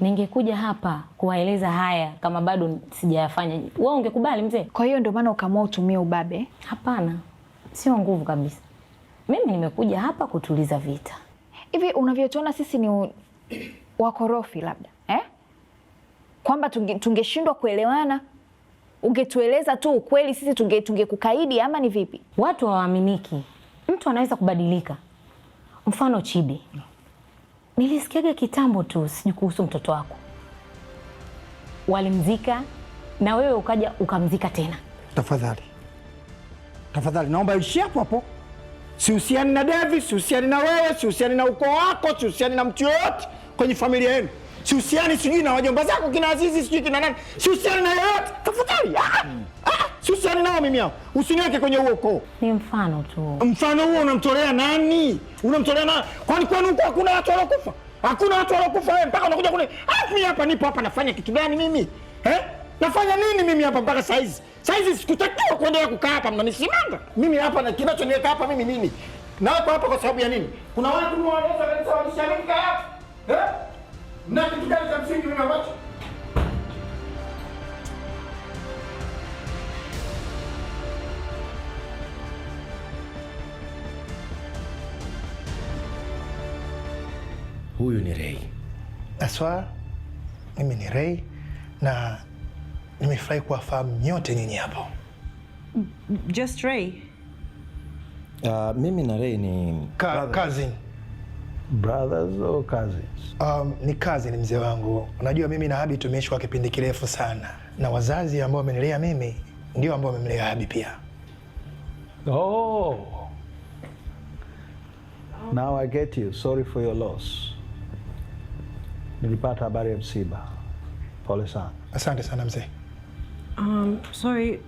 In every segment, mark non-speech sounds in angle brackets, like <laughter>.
ningekuja hapa kuwaeleza haya kama bado sijayafanya. Wewe ungekubali mzee? Kwa hiyo ndio maana ukaamua utumie ubabe? Hapana, sio nguvu kabisa. Mimi nimekuja hapa kutuliza vita. Hivi unavyotuona sisi ni u... <clears throat> wakorofi labda eh? Kwamba tungeshindwa tunge kuelewana, ungetueleza tu ukweli, sisi tungekukaidi tunge ama ni vipi? Watu hawaaminiki, mtu anaweza kubadilika. Mfano Chidi nilisikiaga kitambo tu, sijui kuhusu mtoto wako, walimzika na wewe ukaja ukamzika tena. Tafadhali, tafadhali naomba ishi hapo hapo. Sihusiani na Devi, sihusiani na wewe, sihusiani na ukoo wako, sihusiani na mtu yoyote kwenye familia yenu, sihusiani sijui na wajomba zako kina Azizi, sijui kina nani, sihusiani na yoyote tafadhali. Ah! Siusiani nao mimi hao, usiniweke kwenye huo uoko. Ni mfano tu. Mfano huo unamtolea nani? Unamtolea nani? Kwani kwani huko hakuna watu waliokufa? Hakuna watu waliokufa wewe mpaka unakuja kule. Alafu ah, mimi hapa nipo hapa nafanya kitu gani mimi? Eh? Nafanya nini mimi hapa mpaka saa hizi? Saa hizi sikutakiwa kuendelea kukaa hapa mnanisimanga. Mimi hapa na kinachoniweka hapa mimi nini? Na hapa hapa kwa sababu ya nini? Kuna watu wanaweza kanisa walishamika hapa. huyu ni Rei Aswa. Mimi ni Rei na nimefurahi kuwafahamu nyote nyinyi hapo. Just Rei. Uh, mimi na Rei ni Ka brothers. cousin. Brothers or cousins? Um, ni cousin mzee wangu. Unajua mimi na Habi tumeishi kwa kipindi kirefu sana na wazazi ambao wamenilea mimi ndio ambao wamemlea Habi pia. Oh. Now I get you. Sorry for your loss nilipata habari ya msiba. Pole sana. Asante sana mzee. Um, sorry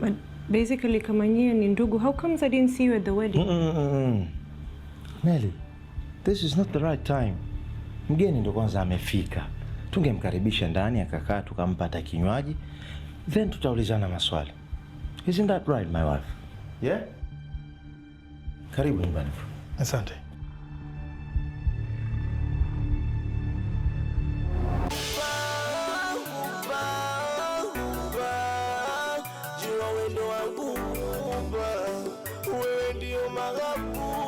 but basically kama nyie ni ndugu, how comes I didn't see you at the wedding? Mm, mm -mm. -mm. Nelly, this is not the right time. Mgeni ndo kwanza amefika, tungemkaribisha ndani akakaa tukampata kinywaji then tutaulizana maswali. Isn't that right my wife? Yeah? Karibu nyumbani. Asante. upendo wangu Muumba, wewe ndio maghabu